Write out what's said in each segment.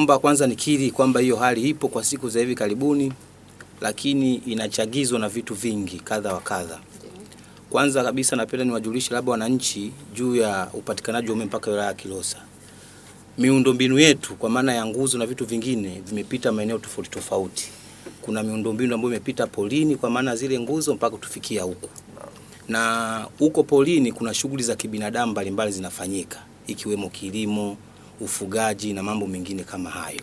Omba kwanza nikiri kwamba hiyo hali ipo kwa siku za hivi karibuni, lakini inachagizwa na vitu vingi kadha wa kadha. Kwanza kabisa napenda niwajulishe labda wananchi juu ya upatikanaji wa umeme mpaka wilaya ya Kilosa. Miundombinu yetu kwa maana ya nguzo na vitu vingine vimepita maeneo tofauti tofauti. Kuna miundombinu ambayo imepita polini kwa maana zile nguzo mpaka tufikia huku, na huko polini kuna shughuli za kibinadamu mbalimbali zinafanyika ikiwemo kilimo ufugaji na mambo mengine kama hayo,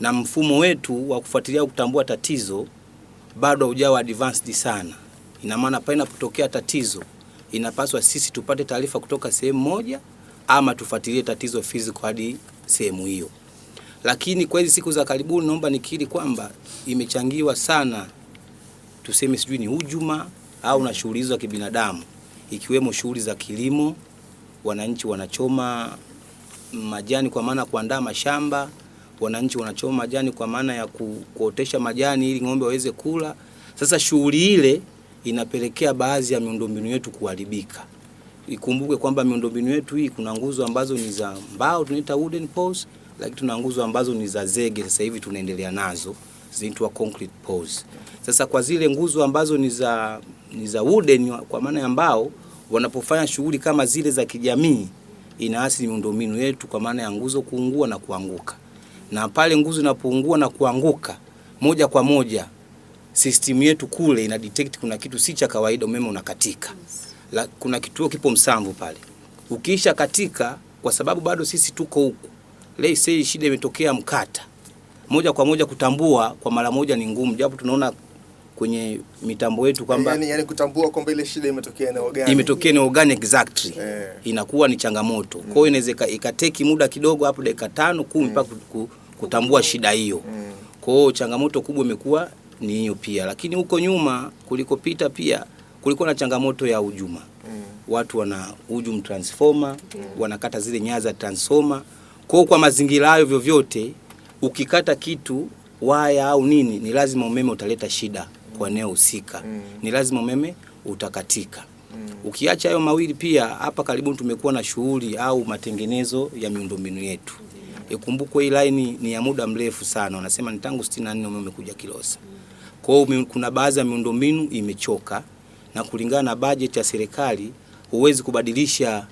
na mfumo wetu wa kufuatilia kutambua tatizo bado haujawa advanced sana. Ina maana pale inapotokea tatizo, inapaswa sisi tupate taarifa kutoka sehemu moja ama tufuatilie tatizo physical hadi sehemu hiyo. Lakini kweli siku za karibuni, naomba nikiri kwamba imechangiwa sana, tuseme sijui ni hujuma au na shughuli za kibinadamu, ikiwemo shughuli za kilimo, wananchi wanachoma majani kwa maana kuandaa mashamba. Wananchi wanachoma majani kwa maana ya kuotesha majani ili ng'ombe waweze kula. Sasa shughuli ile inapelekea baadhi ya miundombinu yetu kuharibika. Ikumbuke kwamba miundombinu yetu hii kuna nguzo ambazo ni za mbao tunaita wooden poles, lakini tuna nguzo ambazo ni za zege, sasa hivi tunaendelea nazo zinaitwa concrete poles. Sasa kwa zile nguzo ambazo ni za ni za wooden kwa maana ya mbao, wanapofanya shughuli kama zile za kijamii inaathiri miundombinu yetu kwa maana ya nguzo kuungua na kuanguka. Na pale nguzo inapoungua na kuanguka, moja kwa moja system yetu kule ina detect kuna kitu si cha kawaida, umeme unakatika. La, kuna kituo kipo Msamvu pale, ukiisha katika, kwa sababu bado sisi tuko huku, Lei sei shida imetokea Mkata, moja kwa moja kutambua kwa mara moja ni ngumu, japo tunaona kwenye mitambo yetu kwamba yani, yani kutambua kwamba ile shida imetokea ni organic, imetokea ni organic exactly yeah. Inakuwa ni changamoto mm. Kwa hiyo inaweza ikateki muda kidogo hapo dakika tano kumi mm. mpaka mm. kutambua shida hiyo mm. Kwa hiyo changamoto kubwa imekuwa ni hiyo pia, lakini huko nyuma kulikopita pia kulikuwa na changamoto ya hujuma mm. Watu wana hujum transformer mm. wanakata zile nyaya za transformer. Kwa kwa mazingira hayo vyovyote ukikata kitu waya au nini, ni lazima umeme utaleta shida mm kwa eneo husika mm. ni lazima umeme utakatika mm. Ukiacha hayo mawili, pia hapa karibu tumekuwa na shughuli au matengenezo ya miundombinu yetu mm. Ikumbukwe hii laini ni ya muda mrefu sana, wanasema ni tangu 64 umeme umekuja Kilosa Kwa hiyo kuna baadhi ya miundombinu imechoka, na kulingana na bajeti ya serikali huwezi kubadilisha,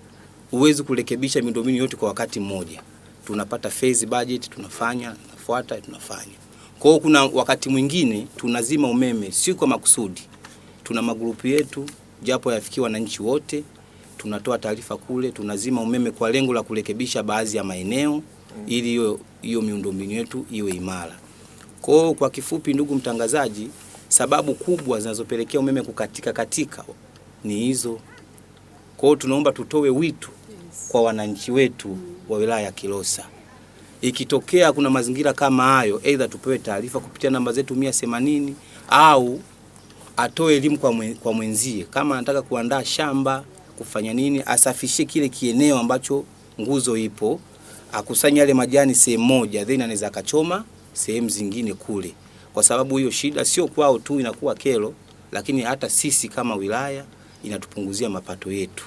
huwezi kurekebisha miundombinu yote kwa wakati mmoja. Tunapata phase budget, tunafanya nafuata, tunafanya kwa hiyo kuna wakati mwingine tunazima umeme si kwa makusudi. Tuna magrupu yetu japo yafikia wananchi wote, tunatoa taarifa kule, tunazima umeme kwa lengo la kurekebisha baadhi ya maeneo ili hiyo hiyo miundombinu yetu iwe imara. Kwa hiyo kwa kifupi, ndugu mtangazaji, sababu kubwa zinazopelekea umeme kukatika katika ni hizo. Kwa hiyo tunaomba tutoe wito kwa wananchi wetu wa wilaya ya Kilosa Ikitokea kuna mazingira kama hayo, aidha tupewe taarifa kupitia namba zetu mia au atoe elimu kwa mwenzie, kama anataka kuandaa shamba kufanya nini, asafishe kile kieneo ambacho nguzo ipo, akusanye yale majani sehemu moja, then anaweza akachoma sehemu zingine kule, kwa sababu hiyo shida sio kwao tu, inakuwa kero, lakini hata sisi kama wilaya inatupunguzia mapato yetu.